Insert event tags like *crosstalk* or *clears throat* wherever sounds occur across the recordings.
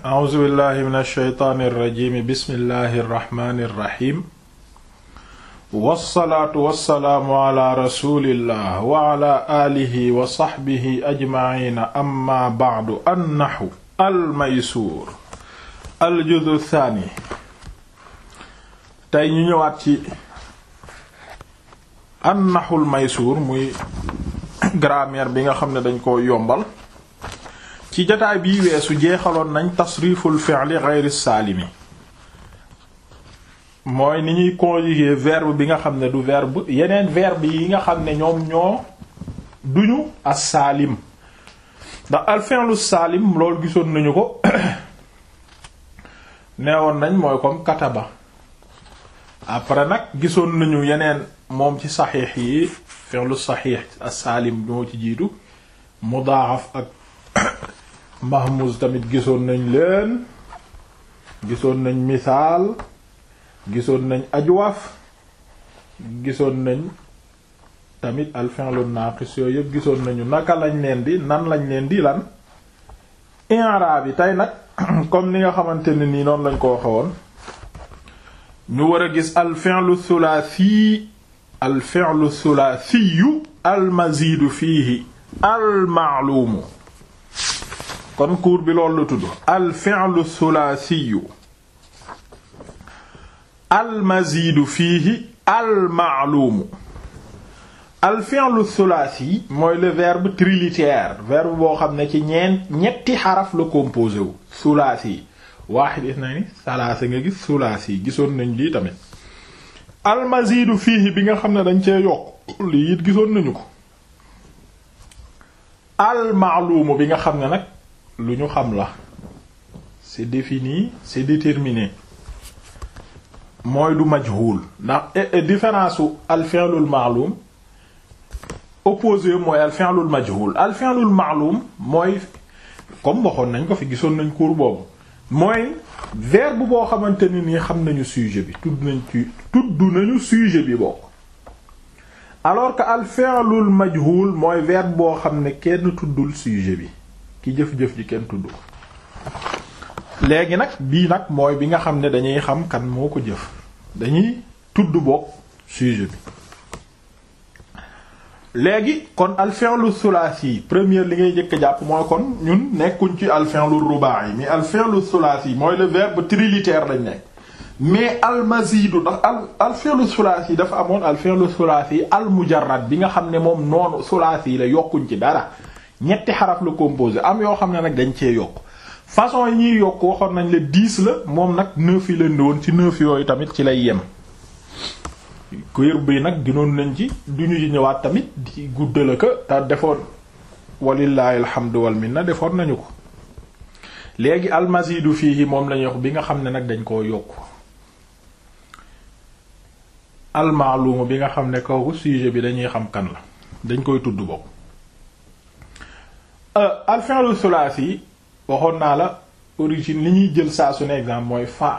a'uuzu billahi min alsheytaani irrajimi bismillahi irrahmani irrahim wassalaatu wassalaamu ala rasulillah wa ala aalihi wa saxbihi ajmaciina amma bacdu annaxu almaysuur aljuzu thaani tey ñu ñëwaat ci annaxul maysuur muy *coughs* grammaire bi nga xam ne dañ ko yombal ci jataay bii weesu jeexaloon nañ tasriful fi'li ghayr saalimi mooy ni ñuy conjuguer verbe bi nga xam ne du verbe yeneen verbe yi nga xam ne ñoom ñoo duñu as-saalim ndax al fi'lu saalim lool gisoon nañu ko *coughs* neewoon nañ mooy comme kataba après nag gisoon nañu yeneen moom ci saxiix yi fi'lu saxiix as-saalim ñoo ci jiitu mudaaf ak mahmuz tamit gisoon nañ leen gisoon nañ misaal gisoon nañ ajwaf gisoon nañ tamit al fi'lu naaqis yooyu yëpp gisoon nañu naka lañ leen di nan lañ leen di lan i'raab yi tey nag *clears throat* comme ni nga xamante ne nii noonu lañ ko waxewoon ñu war a gis al fi'lu thulathi al fi'lu thulathi al mazidu fiihi al ma'lumu kon cours bi loolu la tudd al fi'lu thulaasiyu al maziidu fiihi al ma'luumu al fi'lu thulaasi mooy le verbe trilitère boo xam ne ci ñeent ñetti xaraf la composé wu thulaasi waaxid isnaani salaasa nga gis thulaasi gisoon nañ lii tamit al maziidu fiihi bi nga xam ne dañ cee yokk lii it gisoon nañu ko al ma'luumu bi nga xam ne nag lu ñu xam la c'est défini c'est déterminé mooy du majhul ndax différence su al fi'lul ma'lum opposé mooy al fi'lul majhul ma'lum mooy comme waxoon nañ ko fi gisoon nañ cours boobu mooy verbe boo xamante ne nii xam nañu sujet bi tudd nañ ci tudd nañu sujet bi bokk alors que al fi'lul mooy verbe boo xam ne kenn tuddul sujet bi ki jëf-jëf ji kenn tudd ko léegi nag bii nag mooy bi nga xam ne dañuy xam kan moo ko jëf dañuy tudd bokk sujet bi léegi kon al fi'lu thulathi première li ngay njëkk a jàpp mooy kon ñun nekkuñ ci al fi'lu ruba'i mais al fi'lu yi mooy le verbe trilitère lañ nekk mais al mazidu ndax al al fi'lu thulathi dafa amoon al fi'lu thulathi al mujarrad bi nga xam ne moom noonu yi la yokkuñ ci dara ñetti xaraf la composé am yoo xam ne nag dañ cee yokk façon yi ñuy yokk waxoon nañ la diis la moom nag neuf yi leen di woon ci neuf yooyu tamit ci lay yem. kuréel bii nag ginoon nañ ci du ñu ñëwaat tamit di guddal ko te defoon walillahi alhamdu wal minna defoon nañu ko léegi almasidu fii moom lañuy wax bi nga xam ne nag dañ koo yokk almaalumu bi nga xam ne kaw sujet bi dañuy xam kan la dañ koy tudd boobu. Euh, al fi'lu thulathi waxoon naa la origine li ñuy jël saa su ne mooy fa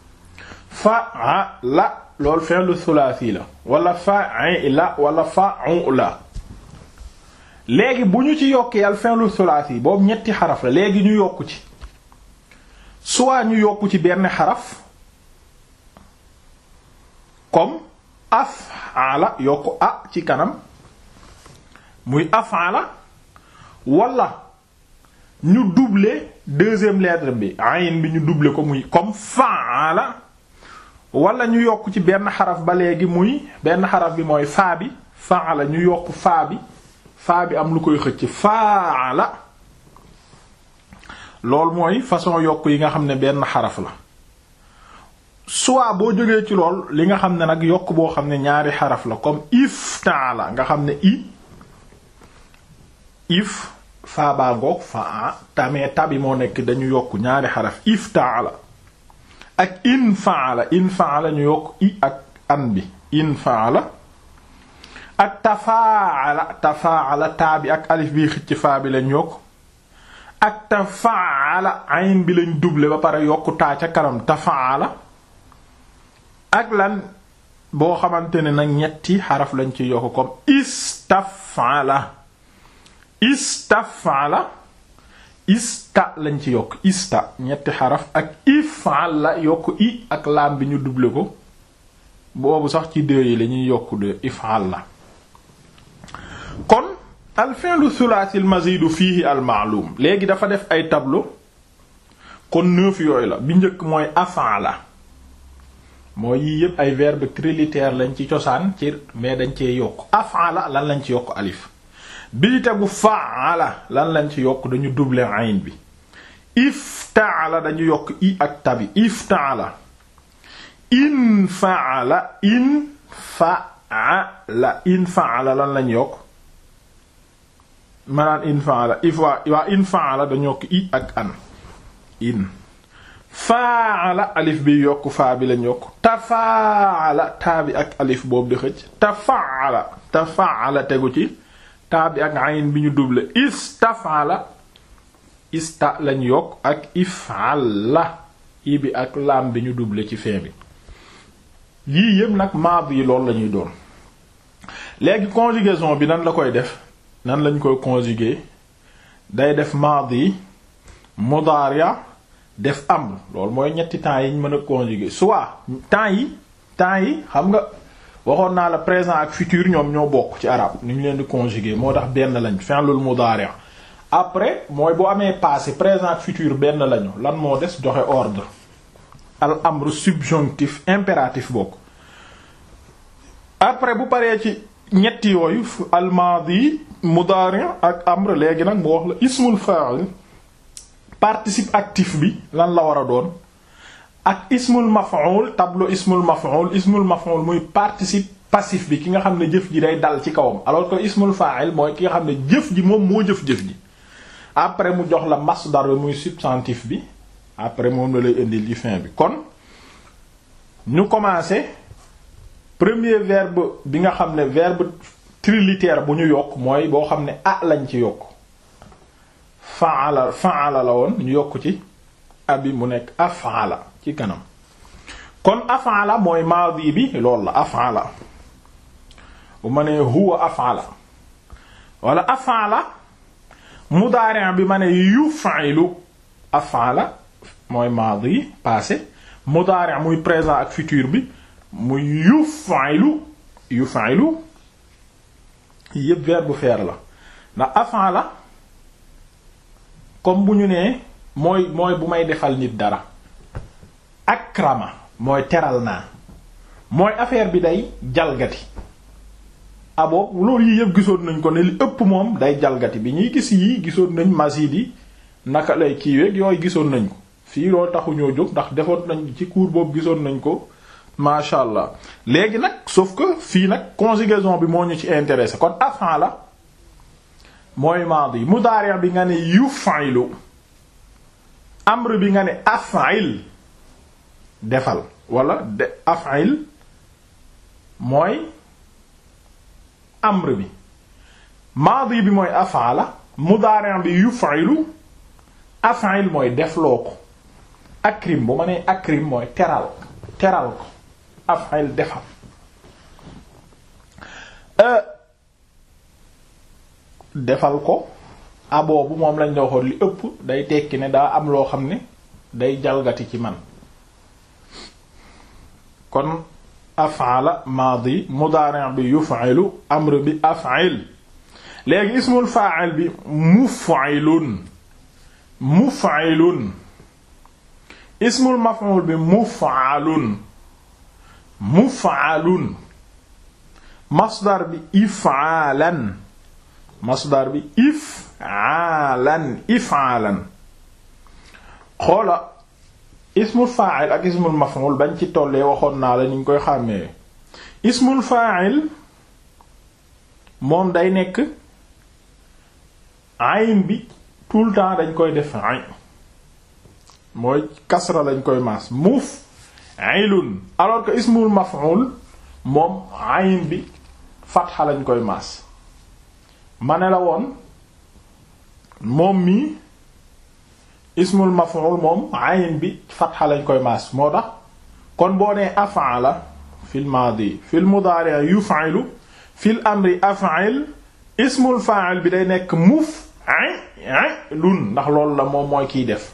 *coughs* fa'ala loolu fi'lu thulathi la wala fa'ila wala fa'ula léegi bu ñu ci yokkee al fi'lu thulathi boobu ñetti xaraf la léegi ñu yokku ci soit ñu yokk ci benn xaraf comme af'ala yokk a ci kanam muy af'ala walla ñu duble deuxième lettre bi ayin bi ñu duble ko muy comme la wala ñu yokk ci benn xaraf ba léegi muy benn xaraf bi mooy faa bi faala ñu yokk faa bi faa bi am lu koy xëcc faala loolu mooy façon yokk yi nga xam ne benn xaraf la soit boo jógee ci lool li nga xam ne nag yokk boo xam ne ñaari xaraf la comme if la nga xam ne i if faa ngoog faa tamee tabi moo nekk dañu yokk ñaari xaraf iftaala ak infaala infaala ñu yokk i ak an bi infaala ak tafaala tafaala taa bi ak alif bi xicc faa lañ yokk ak tafaala ayn bi lañ doublé ba pare yokk taa ca kanam tafaala ak lan boo xamante ne nag ñetti xaraf lañ ci yokk comme istafala istafala ista lañ ci yokk ista ñetti xaraf ak ifal la yokk i ak laam bi ñu duble ko boobu sax ci deux yi la yokk de ifal la kon al fi'lu thulathi al mazidu al ma'lum léegi dafa def ay tableau kon neuf yooyu la bi njëkk mooy afala mooy yii yépp ay verbe trilitère lañ ci cosaan ci mais dañ cee yokk afala lan lañ ci yokk alif bii tegu faala lan lañ ci yokk dañu doubler ayn bi iftaala dañu yokk i ak tabi iftaala in faala in faala in faala lan lañ yokk maanaan in faala if waa waa in faala dañu yokk i ak an in faala alif bi yokk faa bi lañ yokk tafaala taa ak alif boobu di tafaala tegu ci taa bi ak ayn bi ñu double istafala ista lañu yokk ak ifala i bi ak lam bi ñu duble ci fee bi yii yëpp nag maab yi loolu lañuy doon léegi conjugaison bi nan la koy def nan lañ koy conjuguer day def maadi mudaria def am lool mooy ñetti temps yi mën a conjuguer soit temps yi temps yi xam nga waxoon naa la présent ak futur ñoom ñoo bokk ci arab ñu ñu leen di conjuguer moo tax benn lañ fi'lul mudari' après mooy bu amee passé présent ak futur benn lañu lan moo des joxe ordre al amru subjonctif impératif bokk après bu paree ci ñett yooyu al maadi mudari ak amr léegi nag mu wax la ismul fa'il participe actif bi lan la war a doon ak ismul maf'ul tableau ismul maf'ul ismul maf'ul muy participe passif bi ki nga xam ne jëf ji day dal ci kawam alors que ismul fa'il mooy ki nga xam ne jëf ji moom moo jëf jëf ji après mu jox la masdar bi muy substantif bi après moom la lay indil ci fin bi kon ñu commencé premier verbe bi nga xam ne verbe trilitère bu ñu yokk mooy boo xam ne a lañ ci yokk fa'ala fa'ala la woon ñu yokk ci abi mu nekk af'ala ci kanam kon af'ala mooy maadi bi loolu la af'ala bu ma nee huwa af'ala wala af'ala mudaari' bi ma ne yuf'ilu af'ala mooy maadi passé mudaari' muy présent ak futur bi muy yuf'ilu yuf'ilu yépp verbe faire la ndax af'ala comme bu ñu nee mooy mooy bu may defal nit dara ak akrama mooy teral naa mooy affaire bi day jalgati aboob ah, loolu yi yëpp gisoon nañ ko ne li ëpp moom day jalgati bi ñuy gis yii gisoon nañ masid yi naka lay kiiweeg yooyu gisoon nañ ko fii loo taxu ñoo jóg ndax defoon nañ ci cours boobu gisoon nañ ko macha allah léegi nag sauf que fii nag conjugaison bi moo ñu ci intéressé kon afan la mooy maadi mudaari bi nga ne yufa'ilu amr bi nga ne af'il defal walla de af'il mooy amr bi maadi bi mooy af'ala mudaari' bi yuf'ilu af'il mooy defloo ko akrim bu ma nee akrim mooy teral teral ko af'il defal euh, defal ko aboobu moom lañ doxoon li ëpp day tekki ne daa am loo xam ne day jalgati ci man kon af'ala maadi mudaari' bi yuf'ilu amr bi af'il léegi ismul fa'il bi muf'ilun muf'ilun ismul maf'ul bi muf'alun muf'alun masdar bi if'alan masdar bi if'alan if'alan xoola ismul fa'il ak ismul maf'ul bañ ci tollee waxoon naa la ni koy xàmmee ismul fa'il moom day nekk ayn bi tout le temps dañ koy def mooy kasra lañ koy maas muuf aylun alors que ismul maf'ul moom ayn bi fatha koy maas la woon moom mii ismul maf'ul moom ayin bi fatxa lañ koy maas moo tax kon boo nee af'ala fil maadi fil mudaari yuf'ilu fil amri af'il ismul fa'il bi day nekk muf'ilun ndax loolu la moom mooy kiy def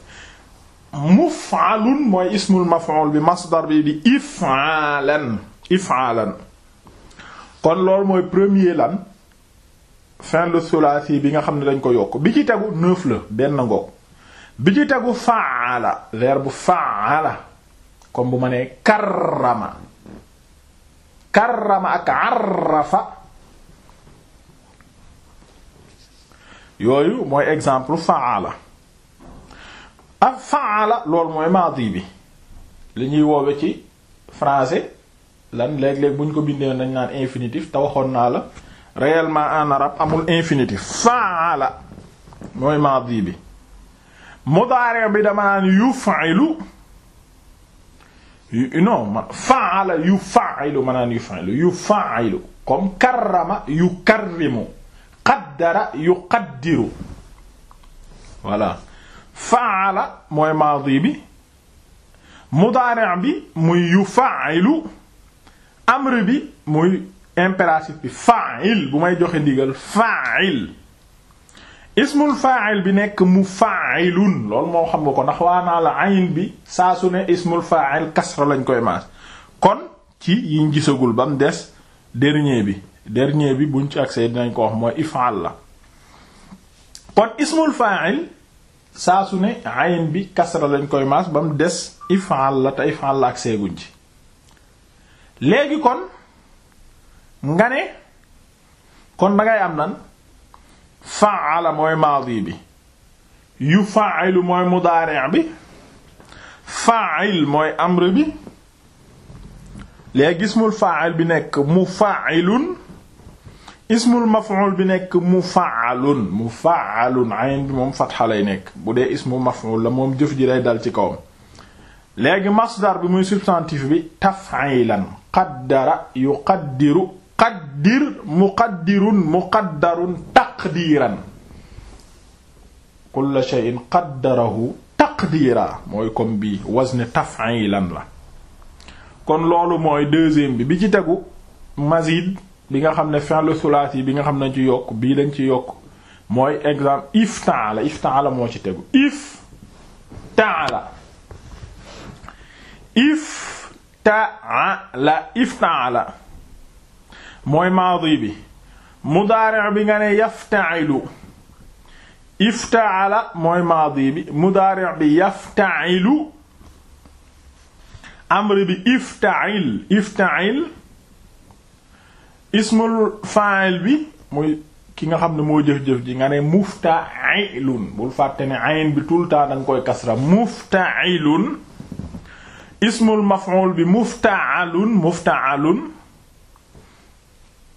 muf'alun mooy ismul maf'ul bi masdar bi di if'alan if'alan kon loolu mooy premier lan fin de thulathi bi nga xam ne dañ ko yokk bi ci tegu neuf la benn ngoog bi ci tegu faala bu faala comme bu ma nee karrama karrama ak arrafa yooyu mooy exemple faala ak faala loolu mooy maadi bi li ñuy woowe ci français lan léeg-léeg bu ñu ko bindee nañ naan infinitif tawaxoon naa la réellement en arabe amul infinitif faala mooy maadi bi mudaari bi dama naan yufa'ilu non fa'ala yufa'ilu ma naan yufa'ilu yufa'ilu comme karrama yukarrimu qaddara yuqaddiru voilà fa'ala mooy maadi bi mudaari bi muy yufa'ilu amr bi muy impératif bi fa'il bu may joxe ndigal fa'il ismul fa'il bi nekk mufa'ilun loolu moo xam nga ko ndax waa naa la ayin bi saa su ne ismul fa'il kasra lañ koy maas kon ci yiñ gisagul ba mu des dernier bi dernier bi buñ ci accès dinañ ko wax mooy if'al la kon ismul fa'il saa su ne ayin bi kasra lañ koy maas ba mu des if'al la te if'al la accès guñ ci léegi kon nga ne kon dangay am nan fa'ala mooy maadi bi yufa'ilu mooy mudaari' bi fa'il mooy amr bi léegi ismul fa'il bi nekk mufa'ilun ismul maf'ul bi nekk mufa'alun mufa'alun ayn bi moom fatxa lay nekk bu dee ismu maf'ul la moom jëf ji lay dal ci kawam léegi masdar bi muy substantif bi taf'ilan qaddara yuqaddiru qaddir muqaddirun muqaddarun taqdiiran kulla shay'in qaddarahu taqdiira mooy comme bi wazn taf'ilan la kon loolu mooy deuxième bi bi ci tegu mazid bi nga xam ne fi'lu thulathi bi nga xam ne ci yokk bii dañ ci yokk mooy exemple if ta'ala if ta'ala moo ci tegu if ta'ala if mooy maadi bi mudaari' bi nga ne yafta'ilu ifta'ala mooy maadi bi mudaari' bi yafta'ilu bi ifta'il ifta'il ismul bi muy ki nga xam ne moo jëf-jëf ji nga ne bul fàtte ne ayn bi tout le temps da nga koy kasra mufta'ilun ismul maf'ul bi mufta'alun mufta'alun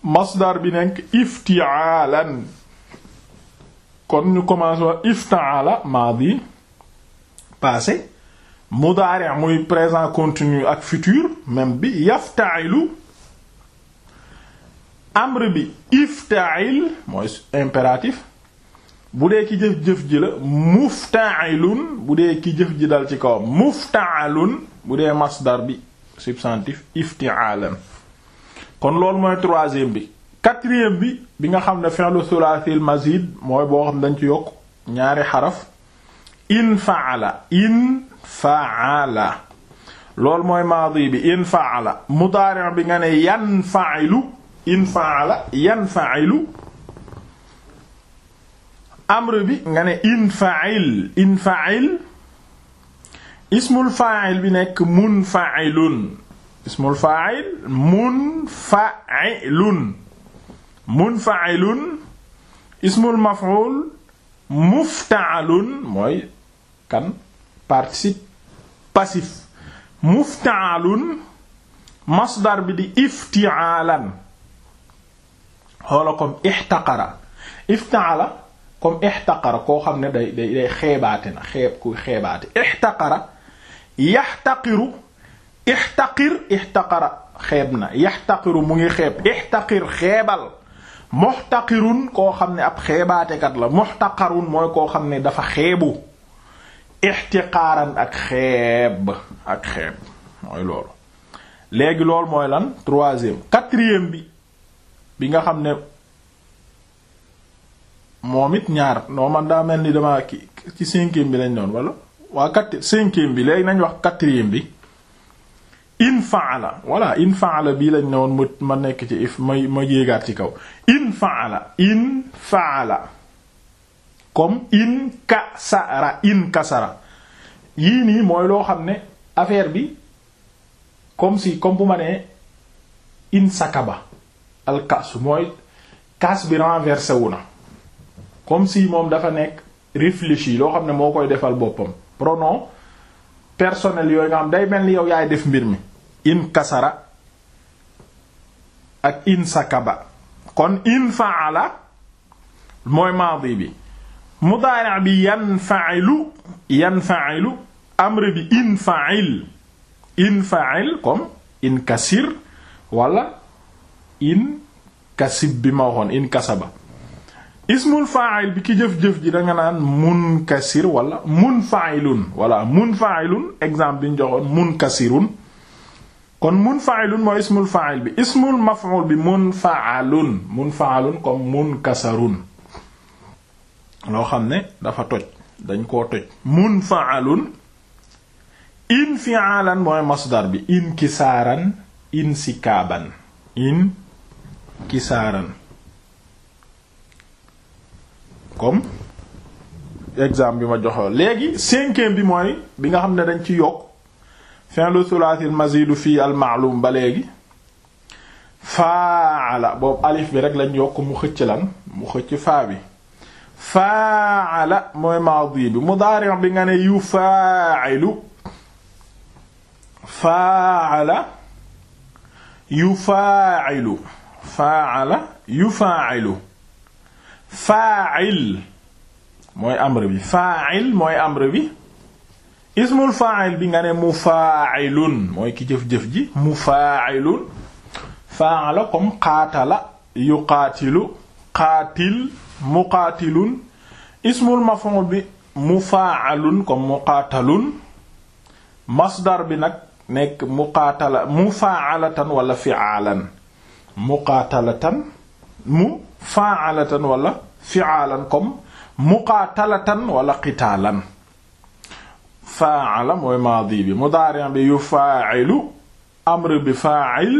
masdar bi nekk ifti'aalan kon ñu commencé wax iftaala maadi passé mudaari' muy présent continu ak futur même bi yafta'ilu amr bi ifta'il mooy impératif bu dee ki jëf-jëf ji la mufta'ilun bu dee ki jëf ji dal ci kaw mufta'alun bu dee masdar bi substantif ifti'aalan kon loolu mooy troisième bi quatrième bi bi nga xam ne fi'lu thulathil mazid mooy boo xam dañ ci yokk ñaari xaraf in faala in faala loolu mooy maadi bi in faala mudaari' bi nga ne yan fa'ilu in faala yan fa'ilu amr bi nga ne in fa'il in fa'il ismul fa'il bi nekk munfa'ilun ismul fa'il munfa'ilun munfa'ilun ismul maf'ul mufta'alun mooy kan participe passif mufta'alun masdar bi di ifti'alan xoola comme ixtaqara ifta'ala comme ixtaqara koo xam ne day day xeebaate na xeeb kuy xeebaate ixtaqara yaxtaqiru ixtaqir ixtaqara xeeb na yaxtaqiru mu ngi xeeb ixtaqir xeebal muxtaqirun koo xam ne ab xeebaatekat la muxtaqarun mooy koo xam ne dafa xeebu ixtiqaaran ak xeeb ak xeeb mooy loolu léegi loolu mooy lan troisième quatrième bi bi nga xam ne moom it ñaar noo man daa mel ni dama ki ci cinquième bi lañ doon wala waa quatre cinquième bi léegi nañ wax quatrième bi in faala voilà in faala bii lañ ne woon mu ma nekk ci if ma ma yéegaat ci kaw in faala in faala comme in kasara in kasara yii nii mooy loo xam ne affaire bi comme si comme bu ma nee in sakaba al kas mooy kas bi renversé wu na comme si moom dafa nekk réfléchi loo xam ne moo koy defal boppam pronom personnel yooyu nga day mel ni yow yaay def mbir mi in kasara ak in sakaba kon in faala mooy maadi bi mudaari bi yanfa'ilu yanfa'ilu amr bi in fa'il in fa'il comme in kasir wala in kasib bi ma waxoon in kasaba ismul fa'il bi ki jëf-jëf ji danga nga naan munkasir wala munfa'ilun wala munfa'ilun exemple bi ñu joxoon munkasirun kon munfa'ilun mooy ismul fa'il bi ismul maf'ul bi munfa'alun munfa'alun munkasarun loo xam ne dafa toj dañ koo toj munfa'alun infi'alan mooy masdar bi inkisaaran insikaaban inkisaaran comme exemple bi ma joxoon léegi cinquième bi mooy bi nga xam ne dañ ci yokk fin lu sulaasil mazidu fii al léegi faala boobu alif bi rek lañ yokk mu xëcc lan mu xëcc faa bi faala mooy maadi bi mudaari bi nga ne yu faailu faala yu faailu faala yu faailu faa'il mooy amr bi faa'il mooy amr bi ismul faa'il bi nga ne mufaa'ilun mooy ki jëf-jëf ji mu mufaa'ilun fa'ala comme qaatala yuqaatilu qaatil muqaatilun ismul maf'ul bi mufaa'alun comme muqaatalun masdar bi nag nekk muqaatala mufaa'alatan wala fi'aalan muqaatalatan mu fa'alatan wala fi'aalan comme muqaatalatan wala qitaalan faala mooy maadi bi mudaari' bi yufaa'ilu amr bi faa'il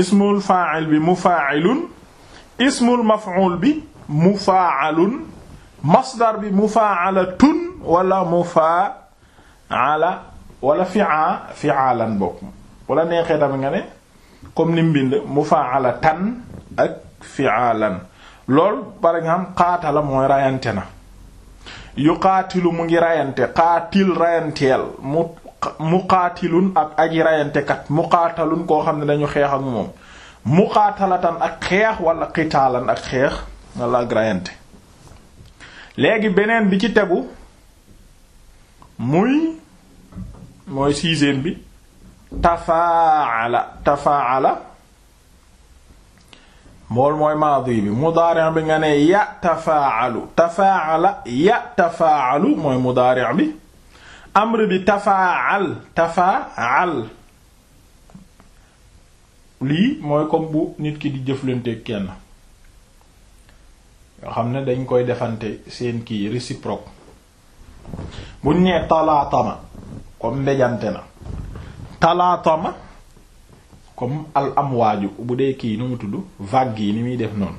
ismul faa'il bi mufaa'ilun ismul maf'ul bi mufaa'alun masdar bi mufaa'alatun wala mufaa'ala wala fi'a fi'aalan bokk wala neexee tamit nga ne comme ni mu bind mufaa'alatan ak fi'aalan lool par exemple xaata la mooy rayante na yu xaatilu mu ngi rayante xaatil rayanteel mu mu xaatilun ak aji rayantekat mu xaatalun koo xam ne dañu xeex ak moom mu xaatalatan ak xeex walla xitaalan ak xeex wala ak rayante léegi beneen bi ci tegu muy mooy sixième bi tafaala tafaala mool mooy maadi bi mudaari' bi nga ne ya tafaalu tafaala ya tafaalu mooy mudaari' bi amr bi tafaal tafaal lii mooy comme bu nit ki di jëflante kenn yoo xam ne dañ koy defante seen kii réciproque buñ nee talaatama comme mbejante na talaatama comme al amwaaju bu dee kii nu mu tudd vagues yi ni muy def noonu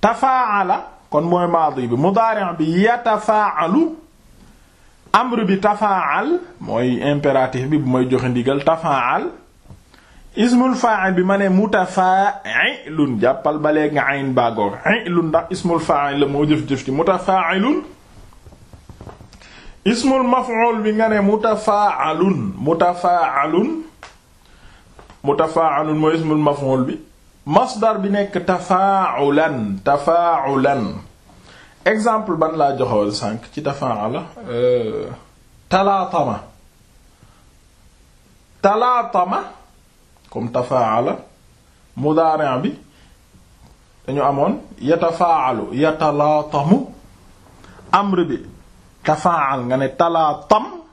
tafaala kon mooy maadi bi mudaari bi yatafaalu amr bi tafaal mooy impératif bi bu may joxe ndigal tafaal ismul fa'il bi ma ne mutafaa'ilun jàppal ba nga ayin baagoog ilun ndax ismul fa'il la moo jëf-jëf ci ismul maf'ul bi nga ne mutafaa'alun mutafaa'alun mu tafaa'alun mooy ismul maf'ul bi masdar bi nekk tafaa'ulan tafaa'ulan exemple ban laa joxewal sànq ci tafaa'ala euh, talaatama talaatama comme tafaa'ala mudaari' bi dañu amoon yatafaa'alu yatalaatamu amr bi tafaa'al nga ne talaatam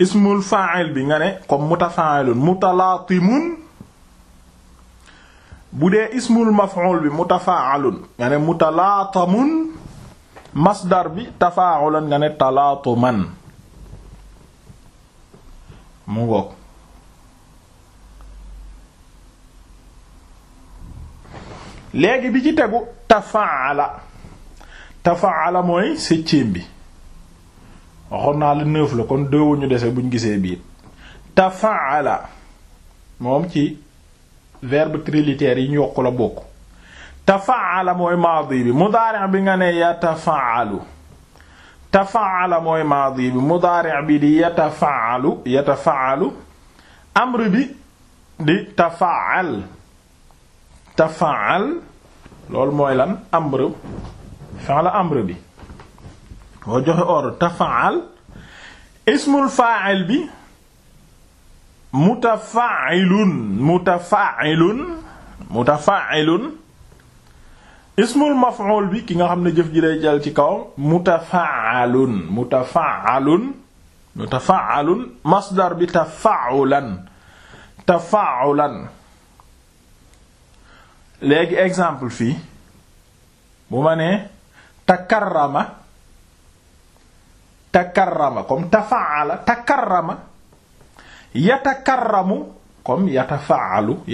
ismul fa'il bi nga ne comme mutafa'ilun mutalaatimun bu dee ismul maf'ul bi mutafa'alun nga ne mutalaatamun masdar bi tafa'ulan nga ne talaatuman mu ngoog léegi bi ci tegu tafa'ala tafa'ala mooy bi waxoon naa la neuf la kon deux ñu dese buñ gisee biir tafaala moom ci verbe trilitaire yi ñu yokk la bokk tafaala mooy maadi bi mudaari bi nga ne yatafaalu tafaala mooy maadi bi mudaari bi di yatafaalu yatafaalu amr bi di tafaal tafaal loolu mooy lan amr fi'l amr bi boo joxe ordre tafaal ismul fa'il bi mutafa'ilun mutafa'ilun mutafa'ilun ismul maf'ul bi ki nga xam ne jëf ji lay jël ci kaw mutafa'alun mutafa'alun masdar bi tafa'ulan tafa'ulan léegi exemple fii bu ma nee takarrama takarrama comme tafaala takarrama yatakarramu comme yatafaalu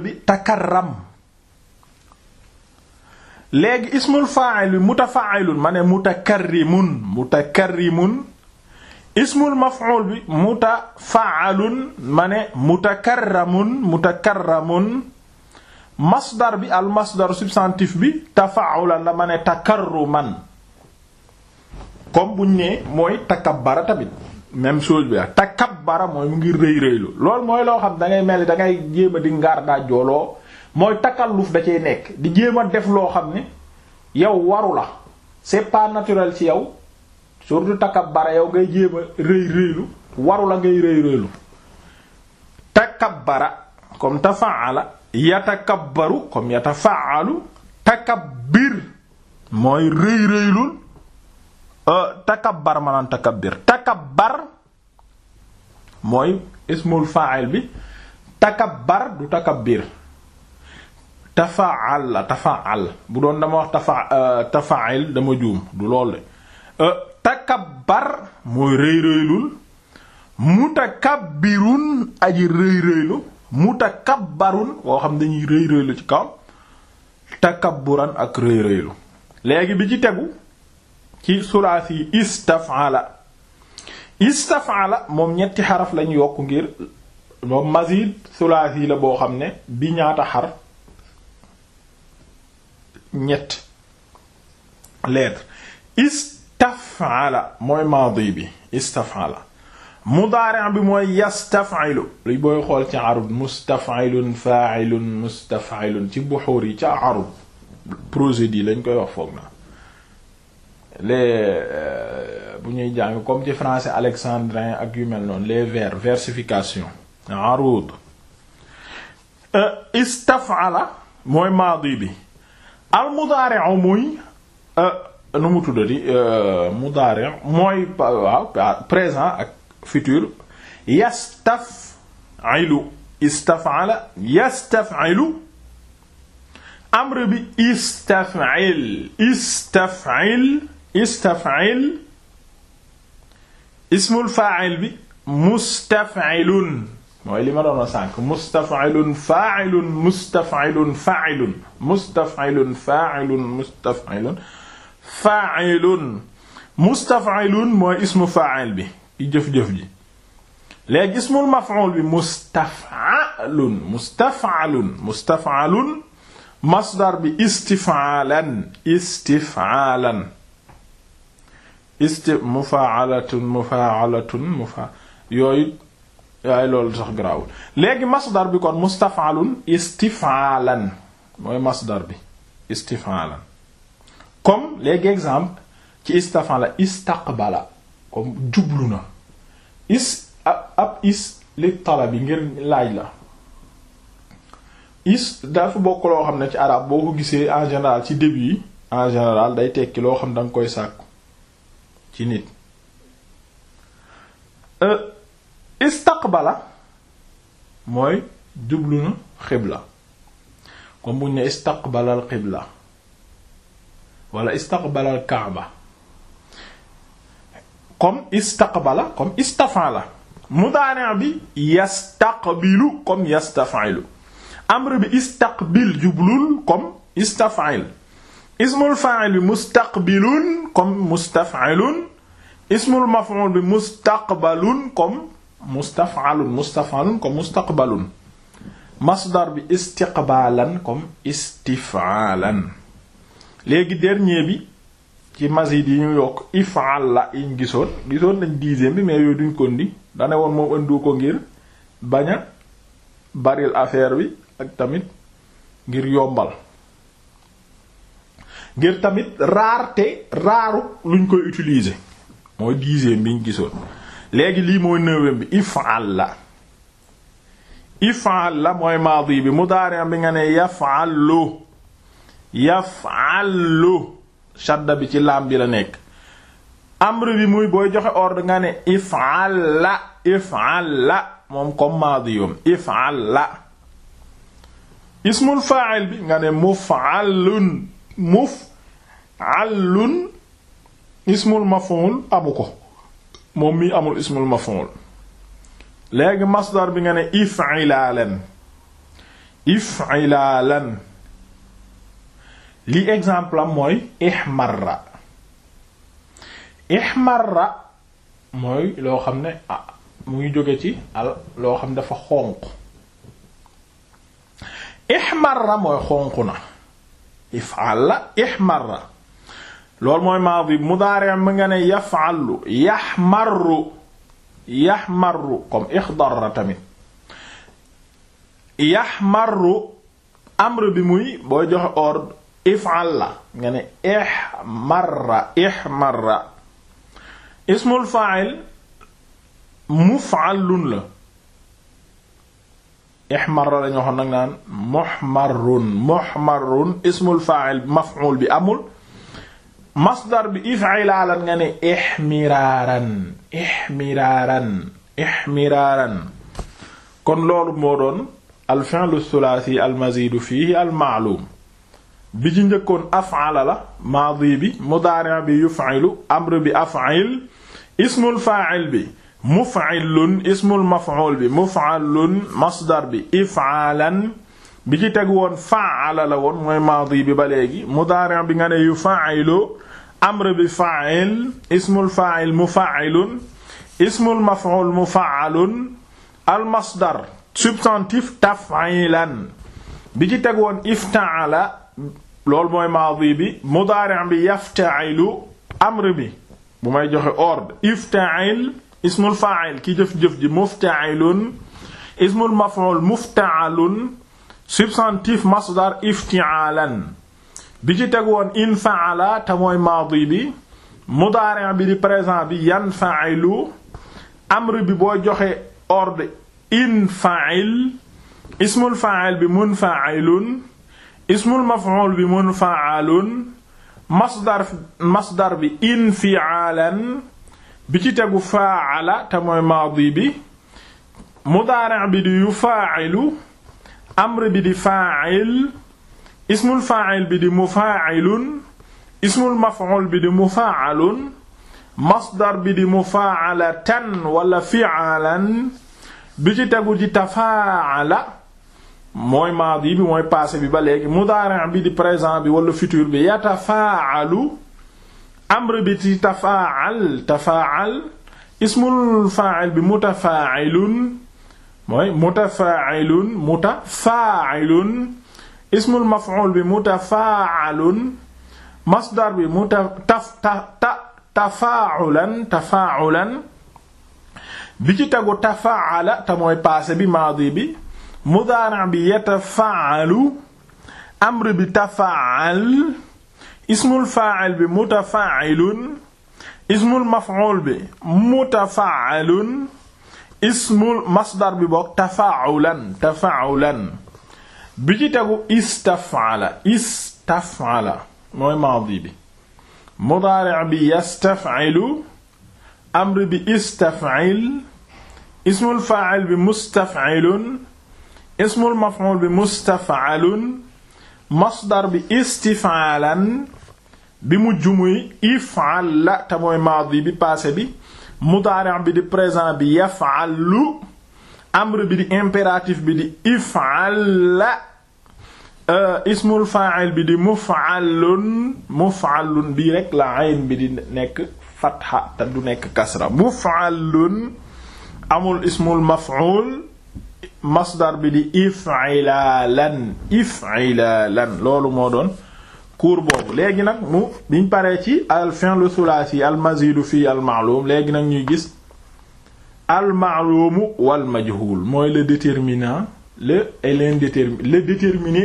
bi takarram léegi ismul fa'il mutafaa'ilun ma ne mutakarrimun mutakarrimun ismul maf'ul bi mutafa'alun ma ne mutakarramun masdar bi al masdar substantif bi tafa'ulan la ma ne man comme buñ ne mooy takabbara tamit même chose bi takabbara mooy mu ngir rëy rëylu loolu mooy loo xam da mel ni da ngay jéem a di ngaar daa jooloo mooy takalluf da cay nekk di jéem a def loo xam ne yow waru la c'est pas naturel ci yow surtout takabbara yow ngay jéem a rëy rëylu waru la ngay rëy rëylu takabbara comme tafa'ala yatakabbaru comme yatafa'alu takabbir mooy rëy rëylul euh, takabbar maanaam takabbir takabbar mooy ismul fa'il bi takabbar du takabbir tafa'al la tafa'al bu doon dama wax tafa euh, tafa'il dama juum du lool de euh, takabbar mooy rëy rëylul mutakabbirun aji rëy rëylu mu mutakabbarun woo xam dañuy rëy rëylu ci kaw takabburan ak rëy rëylu léegi bi ci tegu ci sulaas yi istaf'ala istaf'ala moom ñetti xaraf lañ yokk ngir moom mazid sulaas yi la boo xam ne bi ñaata xar ñett lettre istaf'ala mooy maadi bi istaf'ala mudaari' bi mooy yastaf'ilu li booy xool ci arab mustaf'ilun fa'ilun mustaf'ilun ci buxuur yi ca arab prosodie lañ koy wax foog na les euh, bu ñuy jàng comme ci français alexandrin ak yu mel noonu les vers versification arud euh, istaf'ala mooy maadi al mudaari'u muy euh, mu présent futur yastafilu istafala yastafilu amr bi istafil istafil istafil ismul fa'il bi mustaf'ilun mooy li ma doon a sànq mustaf'ilun fa'ilun mustaf'ilun fa'ilun mustaf'ilun fa'ilun mustaf'ilun fa'ilun mustaf'ilun mooy ismu fa'il bi jëf-jëf ji léegi ismul maf'ul bi mustaf'alun mustaf'alun mustaf'alun masdar bi istif'alan istif'alan isti mufa'alatun mufa yooyu loolu sax garaawul léegi masdar bi kon mustaf'alun istif'alan mooy masdar bi istif'alan comme léegi exemple ci istaf'ala istaqbala comme jublu na is ab ab is li ngir laaj la is dafa bokk loo xam ne ci arab boo ko gisee en général ci début yi en général day tekki loo xam danga koy sàkku ci nit euh, istaqbala mooy jublu na xibla comme buñ ne la walla wala istaqbalal kaaba comme istaqbala comme istafala mudaari' bi yastaqbilu comme yastafilu amr bi istaqbil jublul comme istafil ismul fa'il bi mustaqbilun comme mustaf'ilun ismul maf'ul bi mustaqbalun comme mustaf'alun mustaf'alun comme mustaqbalun masdar bi istiqbalan comme istif'alan léegi dernier bi ci mazid yi ñu yokk ifal la yiñ gisoon gisoon nañ dixième bi mais yooyu duñ ko ndi dane woon moom andu ko ngir bañ baril affaire bi ak tamit ngir yombal ngir tamit rareté raaru luñ koy utilise mooy dixième biñ gisoon léegi lii mooy neuvième bi ifal la ifal la mooy maadi bi mudaari bi nga ne yafallu yafallu shadda bi ci laam bi la nekk amr bi muy booy joxe ordre nga ne if'al la if'al la moom comme madiyum if'al la ismul fa'il bi nga ne muf'alun muf'alun ismul maf'ul amu ko moom mii amul ismul maf'ul léegi masdar bi nga ne if'ilalan if'ilalan li exemple am mooy ihmarra ihmarra mooy loo xam ne ah mu ngi jóge ci loo xam ne dafa xonq ihmarra mooy xonq na la if'ala ihmarra loolu mooy maadi mudaari mu nga ne yaf'alu yahmarru yahmarru comme ixdarra tamit yahmarru amr bi muy booy joxe ordre if'al la nga ne ihmarra ihmarra ismul fa'il muf'alun la bi amul masdar bi if'ilaalan nga ne ihmiraaran ihmiraaran ihmiraaran al al mazidu fihi al ma'lum bi ci njëkkoon af'ala la maadi bi mudaari' bi yuf'ilu amr bi af'il bi muf'ilun ismul maf'ul bi muf'alun bi if'alan bi ci teg woon fa'ala la woon mooy bi ba léegi mudaari' bi nga ne yuf'ilu amr bi fa'il ismul fa'il mufa'ilun ismul maf'ul mufa'alun al substantif taf'ilan bi ci teg woon ifta'ala loolu mooy maadi bi mudaari' bi yafta'ilu amr bi bu may joxe ordre ifta'il ismul fa'il ki jëf-jëf ji mufta'ilun ismul maf'ul mufta'alun substantif masdar ifti'alan bi ci teg woon in fa'ala te mooy maadi bi mudaari' bi di présent bi yanfa'ilu amr bi boo joxe ordre infa'il ismul fa'il bi munfa'ilun ismul maf'ul bi munfa'alun masdar masdar bi infi'alan bi ci tegu fa'ala te mooy maadi bi mudaari' bi di yufaa'ilu amr bi di faa'il ismul faa'il bi di mufaa'ilun ismul maf'ul bi di mufaa'alun masdar bi di mufaa'alatan wala fi'alan bi ci tegu ci tafaa'ala mooy maadi bi mooy passé bi ba léegi mudaari' bi di présent bi wala futur bi yatafa'alu amr bi ci tafa'al tafa'al ismul fa'il bi mutafa'ilun mooy mutafa'ilun mutafa'ilun ismul maf'ul bi mutafa'alun masdar bi muta taf ta ta bi ci tagu tafa'ala te mooy passé bi maadi bi mudaari' bi yatafa'alu amr bi tafa'al ismul fa'il bi mutafa'ilun ismul maf'ul bi mutafa'alun ismul masdar bi bokk tafa'ulan tafa'ulan bi ci tegu istaf'ala istaf'ala mooy maadi bi mudaari' bi yastaf'ilu amr bi istaf'il ismul fa'il bi mustaf'ilun ismul maf'ul bi mustaf'alun masdar bi istif'alan bi mujj muy if'al la te mooy maadi bi passé bi mudaari' bi di présent bi yaf'alu amr bi di impératif bi di if'al la euh, ismul fa'il bi di muf'alun muf'alun bii rek la ayn bi di nekk fatha te du nekk kasra muf'alun amul ismul maf'ul masdar bi di if'ilaalan if'ilaalan loolu moo doon cours boobu léegi nag mu biñ paree ci al fi'lu thulathi al mazidu fi al ma'lum léegi nag ñuy gis al ma'lum wal majhul mooy le déterminant le et l'indéterminé le déterminé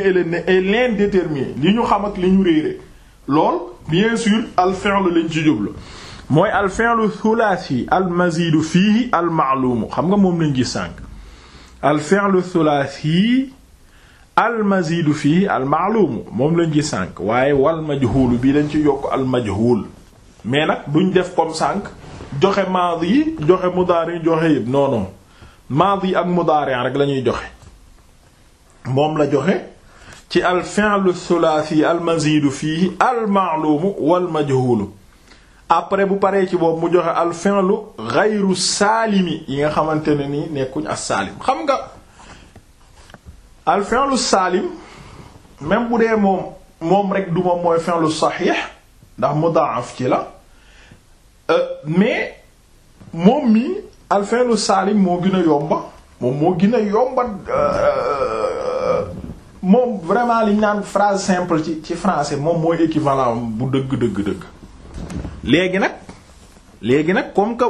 et l'indéterminé li ñu xam ak li ñu réere lool bien sûr al fi'lu lañ ci jublu mooy al fi'lu thulathi al mazidu fihi al ma'lum xam nga moom lañ gis sànq al fi'lu thulathi al mazidu fii al maalumu moom lañ ci sànq waaye wal majhulu bii lañ ci yokk al majhul mais nag duñ def comme sànq joxe maadi joxe mudaari joxe yëpp non non maadi yi ak mudaari rek lañuy joxe moom la joxe ci al fi'lu thulathi al mazidu fii al maalumu wal majhulu après bu paree ci boobu mu joxe al fi'lu ghayru saalimi yi nga xamante ne nii nekkuñ as saalim xam nga al fi'lu saalim même bu dee moom moom rek du moom mooy fi'lu saxiix ndax mudaaf ci la euh, mais moom mi al fi'lu saalim moo gën a yomba moom moo euh, vraiment liñ naan phrase simple ci ci français moom mooy équivalent bu dëgg dëgg dëgg léegi nag léegi nag comme que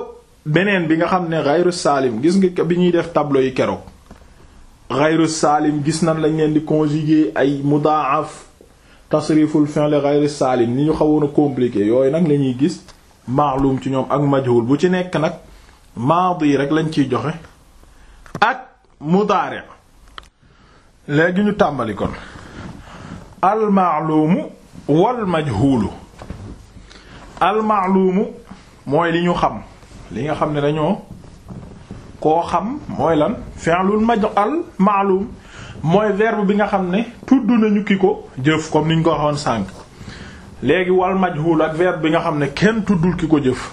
beneen bi nga xam ne xayru saalim gis nga bi ñuy def tableau yi keroog xayru saalim gis nan lañ leen di conjuguer ay mudaaf tasriful fi'l xayru saalim ni ñu xawoon a compliqué yooyu nag la ñuy gis maalum ci ñoom ak majhul bu ci nekk nag maadi rek lañ ciy joxe ak mudaari léegi ñu tàmbali kon al maalumu wal majhulu almaaluumu mooy li ñu xam li nga xam ne dañoo koo xam mooy lan fi'lul maj al maalum mooy verbe bi nga xam ne tudd nañu ki ko jëf comme ni ñu ko waxoon sànq léegi wal majhul ak verbe bi nga xam ne kenn tuddul ki ko jëf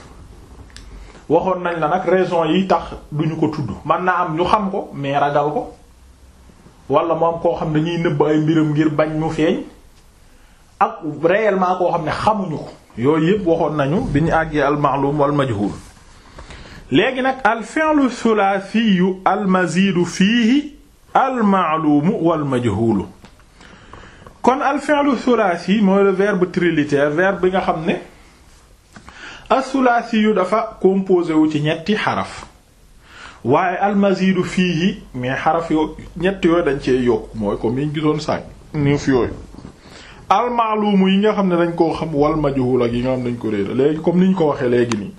waxoon nañ la nag raison yi tax duñu ko tudd man naa am ñu xam ko mais ragal ko wala moom koo xam ne ñuy nëbb ay mbiram ngir bañ mu feeñ ak réellement koo xam ne xamuñu ko yooyu yëpp waxoon nañu bi ñu àggee al ma'lum wal majhul léegi nag al fi'lu thulaathiyu al maziidu fiihi al ma'lum wal majhul kon al fi'lu thulaathi mooy le verbe trilitère verbe bi nga xam ne al thulaathiyu dafa composé wu ci ñetti xaraf waaye al fii fiihi mais xaraf yoo ñetti yooyu dañ cee yokk mooy ko yi ñu gisoon sànq ñu yooyu almaalumu yi nga xam ne dañ koo xam wal majhul ak yi nga xam ne dañ ko réer léegi comme ni ñu ko waxee léegi nii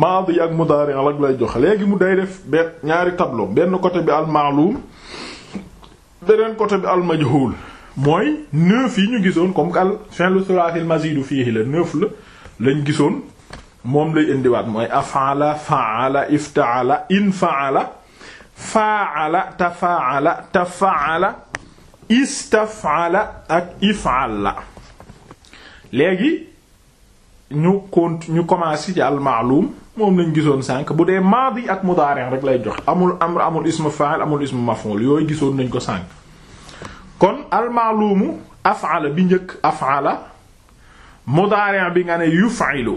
maadi yi ak mudaari ak lay jox léegi mu day def benn ñaari tableau benn côté bi almaalum beneen côté bi almajhul mooy neuf yi ñu gisoon comme que al fi'lu thulathil mazidu fiihi la neuf la lañ gisoon moom lay indiwaat mooy af'ala fa'ala ifta'ala infa'ala fa'ala tafa'ala tafa'ala istafala ak ifal la léegi ñu kont ñu commencé ci almaalum moom lañ gisoon sànq bu dee maadi ak mudaari rek lay jox amul amr amul ismu fa'il amul ismu maf'ul yooyu gisoon nañ ko sànq kon almaalumu af'ala bi njëkk af'ala mudaari bi nga ne yuf'ilu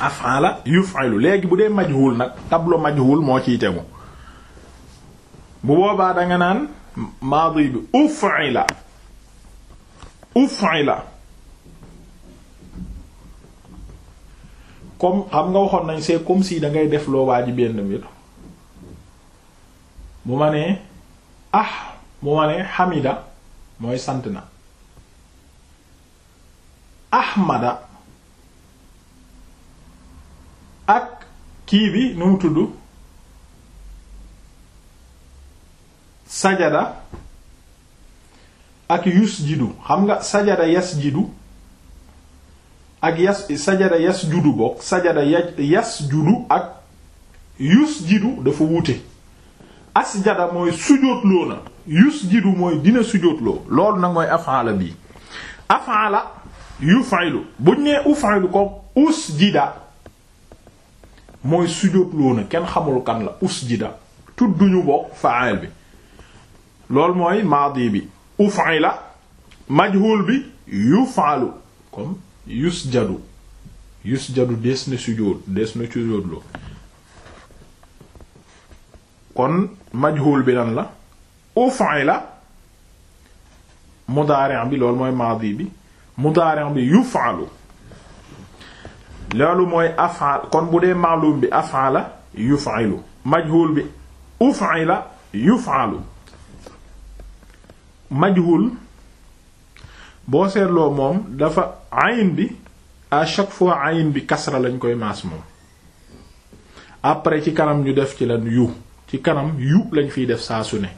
af'ala yuf'ilu léegi bu dee majhul nag tableau majhul moo ciy tegu bu boobaa danga naan maadi bi uf'ila uf'ila comme xam nga waxoon nañ see comme si da ngay def loo waa ji benn mbir bu ma nee ah bu ma nee Hamida mooy sant na Ahmada ak kii bi nu mu tudd. sajada ak yusjidu xam nga sajada yasjidu ak yas sajada yasjudu bokk sajada yasjudu ak yusjidu dafa wuute asjada mooy sujootloo na yusjidu mooy nag mooy af'ala bi af'ala yufa'ilu buñ nee ufa'ilu ko usjida mooy sujootloo na kenn xamul kan la usjida tudduñu bokk fa'il bi loolu mooy maadi bi la majhul bi yuf'alu comme yus yusjadu des na sujjóot des na sujjóot loo kon majhul bi lan la uf'ila mudaari' bi loolu mooy maadi bi mudaari' bi yuf'alu loolu mooy af'al kon bu dee ma'lum bi af'ala yuf'ilu majhul bi uf'ila yuf'alu majhul boo seetloo moom dafa ayin bi à chaque fois ayin bi kasra lañ koy maas moom après ci kanam ñu def ci lan yu ci kanam yu lañ fiy def saa su ne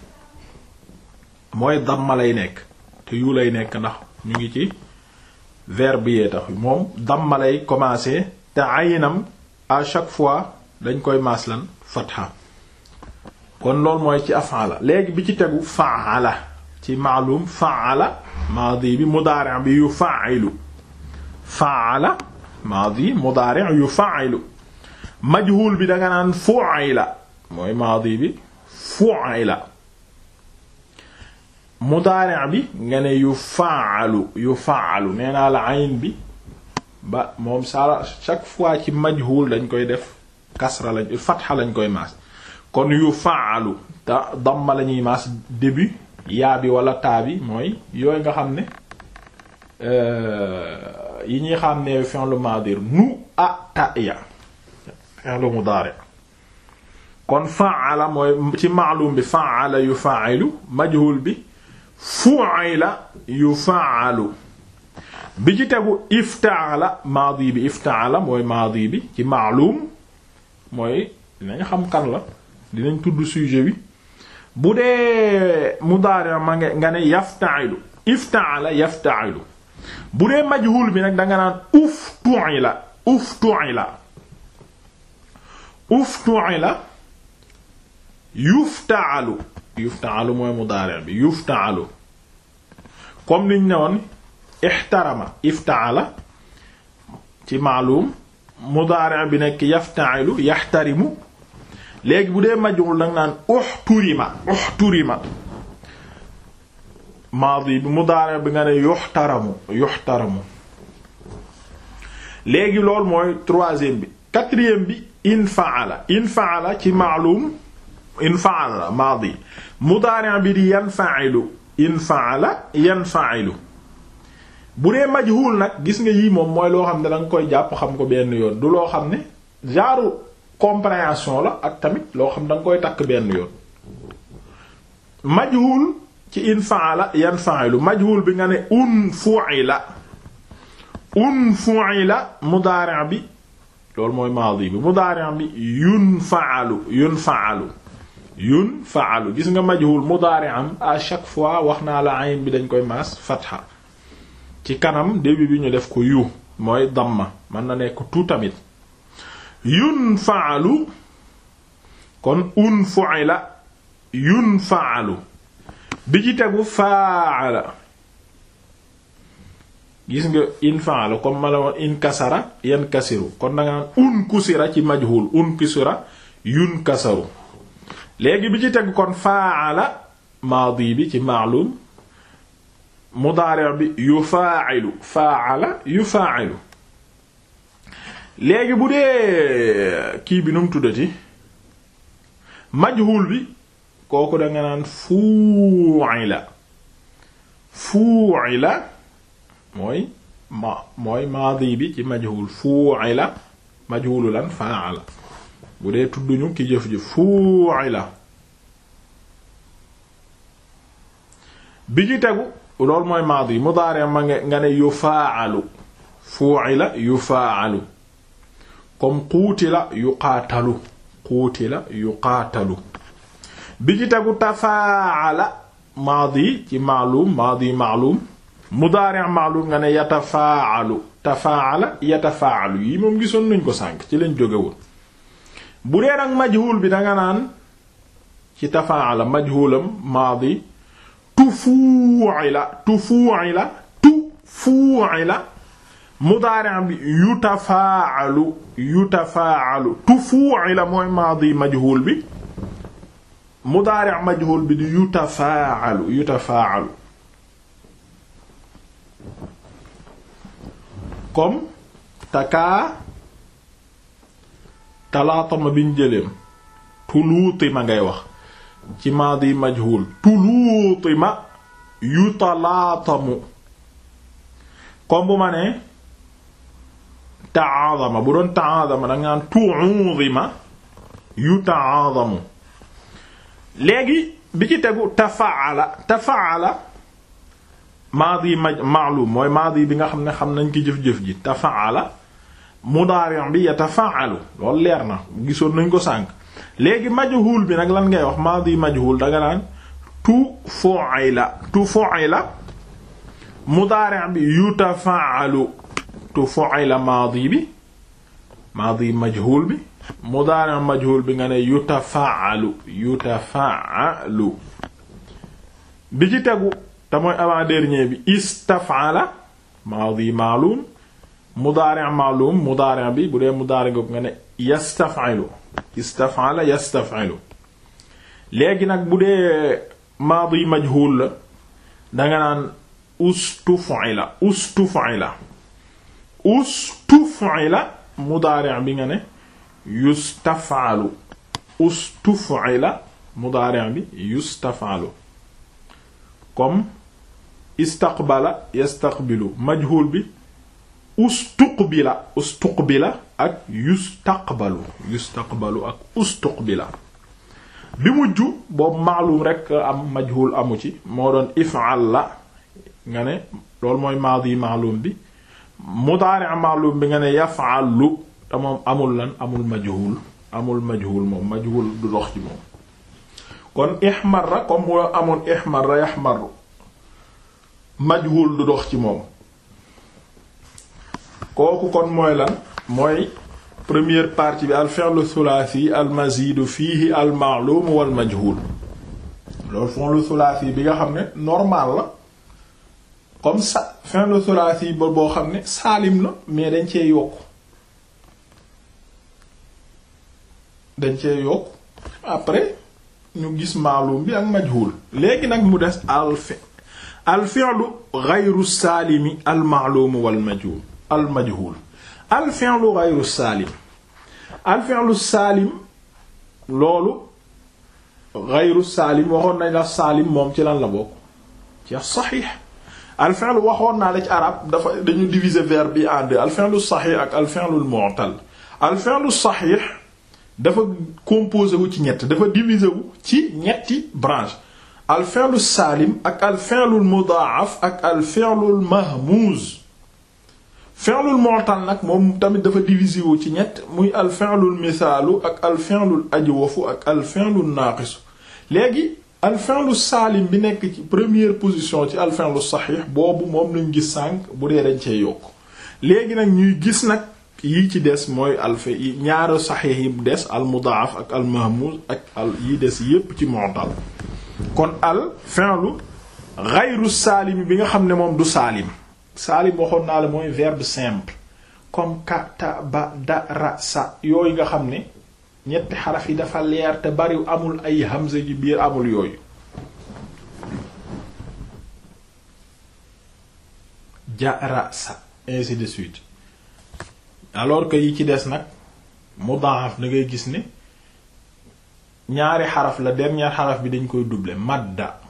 mooy damma lay nekk te yu lay nekk ndax ñu ngi ci verbe yee tax moom damma lay commencer te ayinam à chaque fois dañ koy maas lan fatha kon loolu mooy ci af'ala léegi bi ci tegu fa'ala ci maalum faala maadi bi mudaari' bi yufa'ilu faala maadi mudaari' yufa'ilu majhul bi danga naan fu'ila mooy maadi bi fu'ila mudaari' bi nga ne yufa'alu yufa'alu nee naa la ayn bi ba moom saa chaque fois ci majhul dañ koy def kasra lañ koy maas kon yufa'alu te damma la ñuy maas début yaa bi wala taa bi mooy yooyu nga xam ne euh, yi ñuy xam ne fi'lu madir nu a ta ya fi'lu mudari kon fa'ala mooy ci ma'lum bi fa'ala yufa'ilu majhul bi fu'ila yufa'alu bi ci tegu ifta'ala maadi bi ifta'ala mooy maadi bi ci ma'lum mooy dinañ xam kan la dinañ tudd sujet bi bu dee mudaari ma nga ne yafta'ilu ifta'ala yafta'ilu bu dee majhul bi nag danga naan uftu'ila uftu'ila uftu'ila yufta'alu yufta'alu mooy mudaari bi yufta'alu comme niñ ne woon ihtarama ifta'ala ci ma'lum mudaari bi nekk yafta'ilu yahtarimu léegi bu dee majul danga naan uhturima uhturima maadi bi mudaare bi nga ne yuhtaramu yuhtaramu léegi loolu mooy troisième bi quatrième bi infaala infaala ci maalum infaala maadi mudaare bi di yanfa'ilu infaala yanfa'ilu bu dee majhul nag gis nga yii moom mooy loo xam ne danga koy jàpp xam ko benn yoon du loo xam ne genre compréhension la ak tamit loo xam da nga koy takk benn yoon majhul ci in fa'ala yan fa'ilu majhul bi nga ne un fu'ila un fu'ila mudaari' bi loolu mooy maadi bi mudaari' bi yun fa'alu yun fa'alu yun fa'alu gis nga majhul mudaari' am à chaque fois wax naa la ayn bi dañ koy maas fatha ci kanam début bi ñu def ko yu mooy damma mën na nekk tout tamit yunfa'alu kon unfu'ila yunfa'alu bi ci tegu fa'ala gis nga infa'ala comme ma la woon inkasara yankasiru kon da nga naan unkusira ci majhul unkisira yunkasaru léegi bi ci tegu kon fa'ala maadi bi ci ma'lum mudaari' bi yufaa'ilu fa'ala yufaa'ilu léegi bu dee kii bi nu mu tuddati majhul bi kooku da nga naan fu'ila fu'ila mooy ma mooy maadi bi ci majhul fu'ila majhulu lan fa'ala bu dee tudduñu ki jëf ji fu'ila bi ci tegu loolu mooy maadi mudaari ma nga ne yufa'alu fu'ila yufa'alu comme qutila yuqaatalu qutila yuqaatalu bi ci tegu tafaala maadi ci maalum maadi maalum mudaari' maalum nga ne yatafaalu tafaala yatafaalu yi moom gisoon nañ ko sànk ci lañ jóge woon bu dee nag majhul bi danga naan ci tafaala majhulam maadi tufuu'ila tufuu'ila la mudaari' bi yutafaalu yutafaalu tufu'ila mooy maadi majhul bi mudaari' majhul bi di yutafaalu yutafaalu comme takaa talaatama biñ tuluutima ngay wax ci maadi majhul tuluutima yutalaatamu comme bu ma ne taazama bu doon taazama danga naan tu'uzima yu taazamu léegi bi ci tegu tafaala tafaala maadi ma maalum mooy maadi bi nga xam ne xam nañ ki jëf-jëf ji tafaala mudaari' bi yatafaalu loolu leer na gisoon nañ ko sànq léegi majhul bi nag lan ngay wax maadi majhul danga naan tu fu'ila tu fu'ila mudaari' bi yutafaalu kuntu fu'ila maadi bi maadi majhul bi mudaari majhul bi nga ne yutafa'alu yutafa'alu bi ci tegu te mooy avant dernier bi istaf'ala maadi ma'lum mudaari ma'lum mudaari bi bu dee mudaari googu nga ne yastaf'ilu istaf'ala yastaf'ilu léegi nag bu dee maadi majhul la danga naan ustuf'ila ustuf'ila ustuf'ila mudaari' bi nga ne yustaf'alu ustuf'ila mudaari' bi yustaf'alu comme istaqbala yastaqbilu majhul bi ustuqbila ustuqbila ak yustaqbalu yustaqbalu ak ustuqbila bi mujj boobu maalum rek am majhul amu ci moo doon if'al la nga ne loolu mooy maadi maalum bi mudaari ma'lum bi nga ne yaf'alu te moom amul lan amul majhul amul majhul moom majhul du dox ci moom kon ihmarra comme boo amoon ihmarra yahmaru majhul du dox ci moom kooku kon mooy lan mooy première partie bi al fi'lu thulathi al mazidu fihi al ma'lum wal majhul loolu fi'lu thulathi bi nga xam ne normal la comme sa fin de thulaasi boo xam ne saalim la mais dañ cee yokk dañ cee yokk après ñu gis maalum bi ak majhul léegi nag mu des alfi alfi'lu ghayru saalimi al ma'lum wal majhul al majhul alfi'lu ghayru saalim alfi'lu saalim loolu ghayru saalim waxoon nañ la saalim moom ci lan la bokk ci saxiix al fi'l waxoon naa la ci arab dafa dañu diviser verbe bi en deux al fi'lu ak al fi'lu mu'tal al fi'lu sahih dafa composé wu ci ñett dafa diviser wu ci ñetti branche al fi'lu saalim ak al fi'lu mudaa'af ak al fi'lu mahmuz fi'lul nag moom tamit dafa diviser wu ci ñett muy al fi'lul misaalu ak al fi'lul ajwafu ak al fi'lun naaqisu léegi alfinlu saalim bi nekk première position ci alfinlu saxiix boobu moom lañ gis sànq bu dee dañ cee yokk léegi nag ñuy gis nag yi ci des mooy alfe ñaari saxiix yi des al mudaaf ak al mahmuz ak al yi des yépp ci mu'tal kon al finlu xayru saalim bi nga xam ne moom du saalim saalim waxoon naa la mooy verbe simple comme ka ta ba da ra sa yooyu nga xam ne ñetti xaraf yi dafa leer te bariw amul ay hamza ji biir amul yooyu jara sa ainsi de suite alors que yi ci des nag mudaaf da ngay gis ne ñaari xaraf la dernier xaraf bi dañ koy duble madda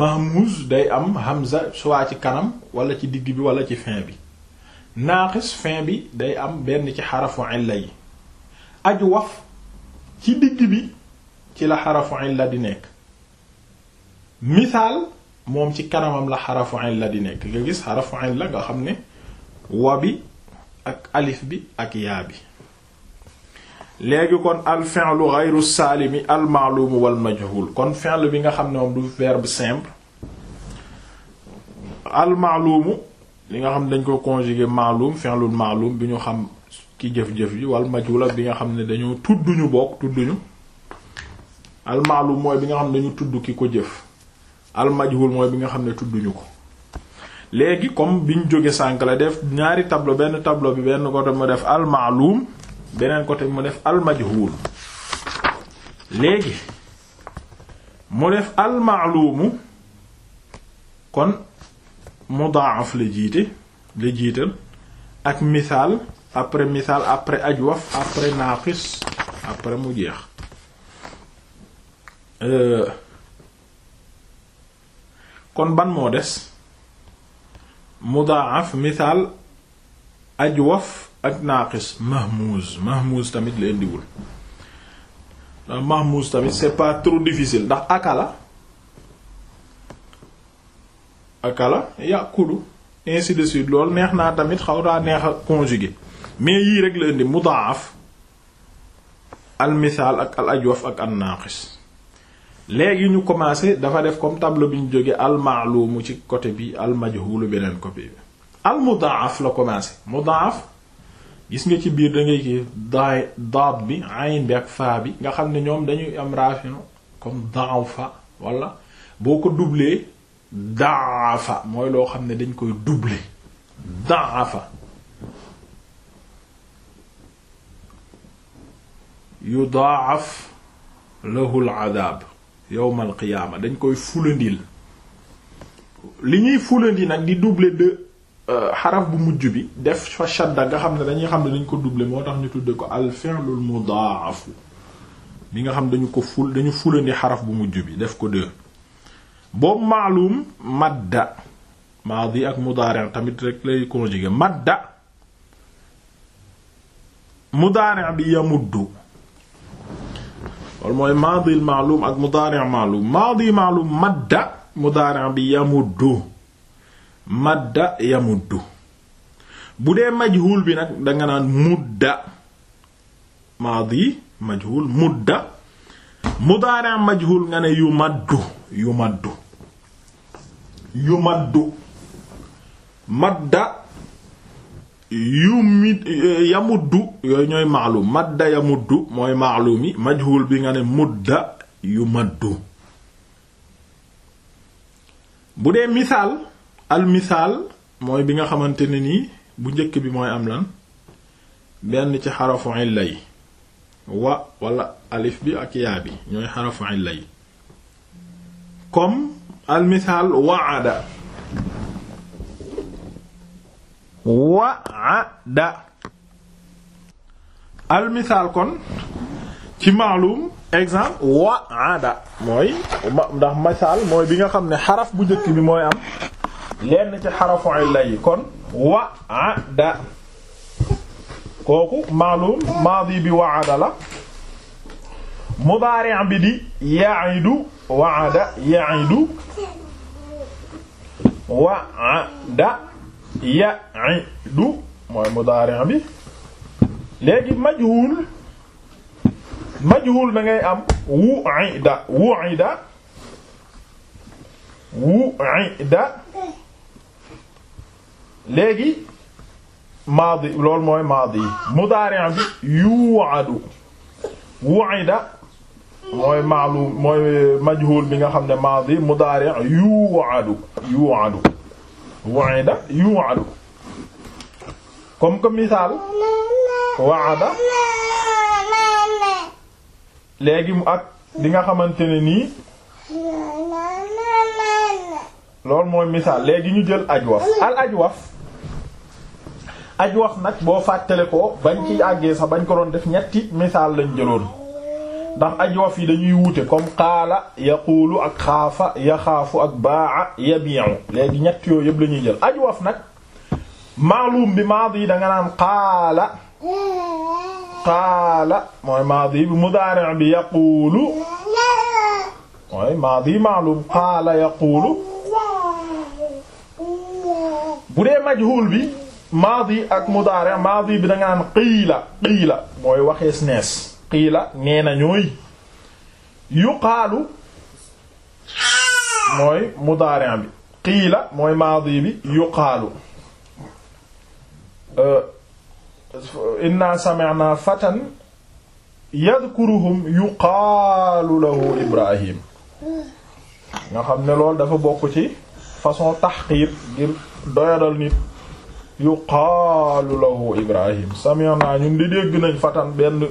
mahmuz day am hamza soit ci kanam wala ci digg bi wala ci fin bi naaqis fin bi day am benn ci xarafu illa yi ajwaf ci digg bi ci la xarafu illa di nekk misaal moom ci kanamam la xarafu la di nekk nga gis xarafu la nga xam ne wa bi ak alif bi ak yaa bi léegi kon al fi'lu ghayru saalimi al ma'lum wal majhul kon fi'lu bi nga xam ne moom du verbe simple al ma'lum li nga xam dañ ko conjuguer ma'lum fi'lul ma'lum bi ñu xam ki jëf-jëf ji wal majhul ak bi nga xam ne dañoo tudduñu bokk tudduñu al mooy bi nga xam ne dañu tudd ki ko jëf al majhul mooy bi nga xam ne tudduñu ko léegi comme bi ñu jóge sànk la def ñaari tableau benn tablo bi benn côté mu def al ma'lum beneen côté mu def al majhul léegi mu def al ma'lumu kon mudaaf la jiite la jiital ak misaal après misaal après ajwaf après naaqis après mu jeex euh, kon ban moo des mudaaf misaal ajwaf ak naaqis mahmuz mahmuz tamit la indiwul ndax mahmuz tamit c'est pas trop difficile ndax akala akala yàqulu ainsi de suite loolu neex naa tamit xaw naa neex a conjuguer mais yii rek la indi mudaaf al misaal ak al ajwaf ak an naaqis léegi ñu commencé dafa def comme tableau bi ñu jógee al maalumu ci côté bi al majhulu beneen côté bi al mudaaf la commencé mudaaf gis nga ci biir da ngay kii da bi ayn bi ak faa bi nga xam ne ñoom dañuy am raafino comme fa wala boo ko doublé daafa mooy loo xam ne dañ koy doublé daafa yudaaf lahu al adab yowm dañ koy fulandil li ñuy fulandi nag di doubler de euh, xaraf bu mujj bi def fa shadda nga xam ne dañuy xam ne dañ ko duble moo tax ñu tudde ko al fi'lul mudaafu bi nga xam dañu ko ful dañu fulandi xaraf bu mujj bi def ko deux boobu maalum madda maadi ak mudaari' tamit rek lay conjuguer madda mudaari' bi yamuddu loolu mooy maadil maalum ak mudaari' maalum maadi maalum madda mudaari' bi yamuddu madda yamuddu bu dee majhul bi nag danga naan mudda maadi majhul mudda mudaari' majhul nga ne yu maddu yu maddu yu maddu madda yumit eh, yamuddu yooyu ñooy maalum madda yamuddu mooy maalum yi bi nga ne mudda yu maddu bu dee misaal al misaal mooy bi nga xamante ne nii bu njëkk bi mooy am lan benn ci xarafu illa yi wa wala alif bi ak yaa bi ñooy xarafu illa yi comme al waada wa'ada misaal kon ci maalum exemple wa'ada mooy ndax misaal mooy bi nga xam ne xaraf bu njëkk bi mooy am lenn ci xarafu illa yi kon wa'ada kooku maalum maadi bi wa'ada la mudaari' bi di ya'idu wa'ada ya'idu wa'ada ya'idu mooy mudaari' bi léegi majhul majhul da ngay am wu'ida wu'ida wu'ida léegi maadi loolu mooy maadi mudaari' bi yu'adu wu'ida mooy ma'lum mooy majhul bi nga xam ne maadi mudaari' yu'adu yu'adu wa'ada yu'adu comme que misaal wa'ada léegi mu ak di nga xamante ne nii loolu mooy misaal léegi ñu jël aj ajwaf al ajwaf wax nag boo fàttale ko bañ ci àggee sax bañ ko doon def ñetti misaal lañ jëloon ndax aj waf yi dañuy wuute comme xaala yaquulu ak xaafa yaxaafu ak baa yabi'u léegi ñett yooyu yëpp la ñuy jël aj waf nag maalum bi maadi da nga naan xaala xaala mooy maadi bi mudaari' bi yaquulu mooy maadi maalum xaala yaquulu bu dee majhul bi maadi ak mudaari' maadi bi da nga naan qiila qiila mooy waxees nees qiila nee na ñooy yuqaalu mooy mudaari' bi qiila mooy maadi bi yuqaalu inna sami'na fatan yadhkuruhum yuqaalu lahu ibrahim nga xam ne loolu dafa bokk ci façon taxqiir ngir doyadal nit yuqaalu lahu ibrahim sami'na ñun di dégg nañ fatan benn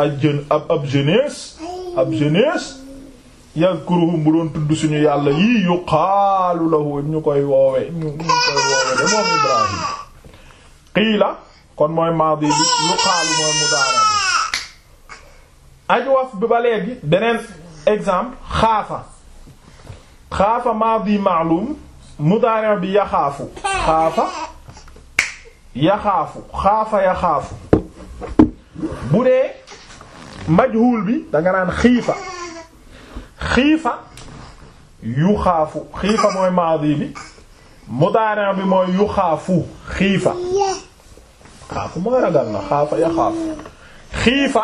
ak jeune ab ab jeunesse ab bu doon tudd suñu yàlla yii yuqaalu lahu ñu koy woowee ñu koy woowee de moom Ibrahim qiila kon mooy maadi bi yuqaalu mooy mudaara bi ajwaf bi ba léegi beneen exemple xaafa xaafa maadi ma'lum mudaari bi yaxaafu xaafa yaxaafu xaafa bu dee majhul bi danga naan xiifa xiifa yu xaafu xiifa mooy maadi bi mudaari bi mooy yu xaafu xiifa xaafu mooy ragal na xaafa ya xaafu xiifa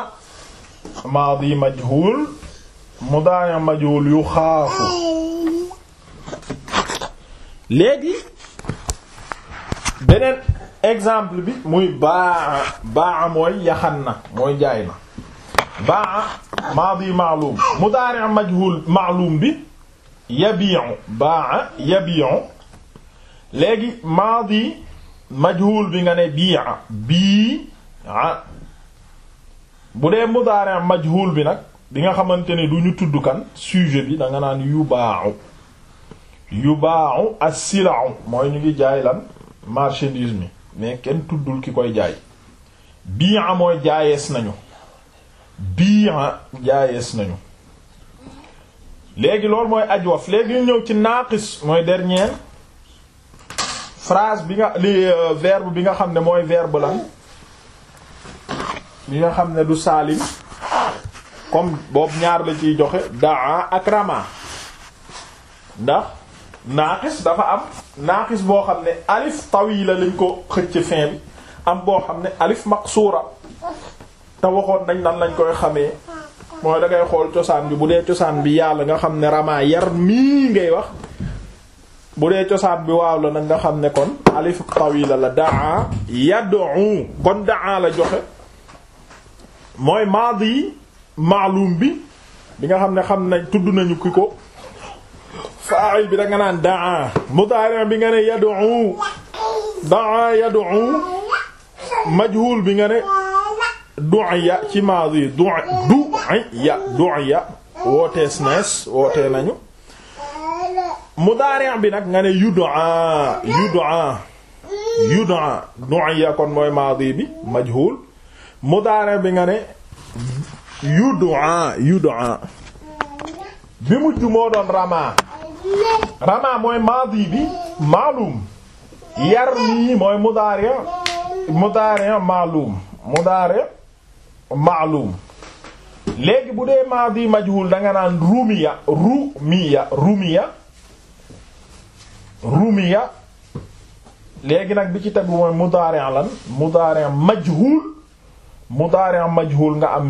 maadi majhul mudaari majhul yu xaafu léegi beneen exemple bi muy baa baa mooy yaxan na mooy jaay na baa maadi ma'lum mudaari' majhul ma'lum bi yabi'u baa yabi'u léegi maadi majhul bi nga ne bi'a ah, bi'a ah. bu dee mudaari' majhul bi nag bi nga xamante ne duñu tudd kan sujet bi da nga naan yubaa'u yubaa'u as-sila'u mooy ñu ngi jaay lan marchandise mi mais kenn tuddul ki koy jaay bi'a ah, mooy jaayees nañu bi'a jaayees nañu léegi loolu mooy ajwaf léegi ñëw ci naaqis mooy dernier phrase bi nga li euh, verbe bi nga xam ne mooy verbe lan bi nga xam ne du saalim comme boobu ñaar la ciy joxe daa ak rama ndax naaqis dafa am naaqis boo xam ne alif tawila lañ ko xëcc fin bi am boo xam ne alif maqsuura te waxoon nañ nan lañ koy xamee mooy da xool cosaan bi bu dee cosaan bi yàlla nga xam ne ramaa yar mii ngay wax bu dee cosaan bi waaw la nag nga xam ne kon alif tawila la daa yad'u kon daa la joxe mooy maadi maalum bi bi nga xam ne xam nañ tudd nañu ki ko faa'il bi danga naan daa mudaari bi nga ne yad'u daa yad'u majhul bi nga ne du'ya ci maadi du'ya du'ya wootees nees wootee nañu mudaari' bi nag nga ne yud'a yud'a yud'a du'ya kon mooy maadi bi majhul mudaari' bi nga ne yud'a yud'a bi mujj moo doon rama rama mooy maadi bi maalum yarmi mooy mudaari' mudaari' maalum mudaari' maalum léegi bu dee maadi majhul danga naan rumiya rumiya rumiya rumiya léegi nag bi ci tegu mooy mudaari' lan mudaari' majhul mudaari' majhul nga am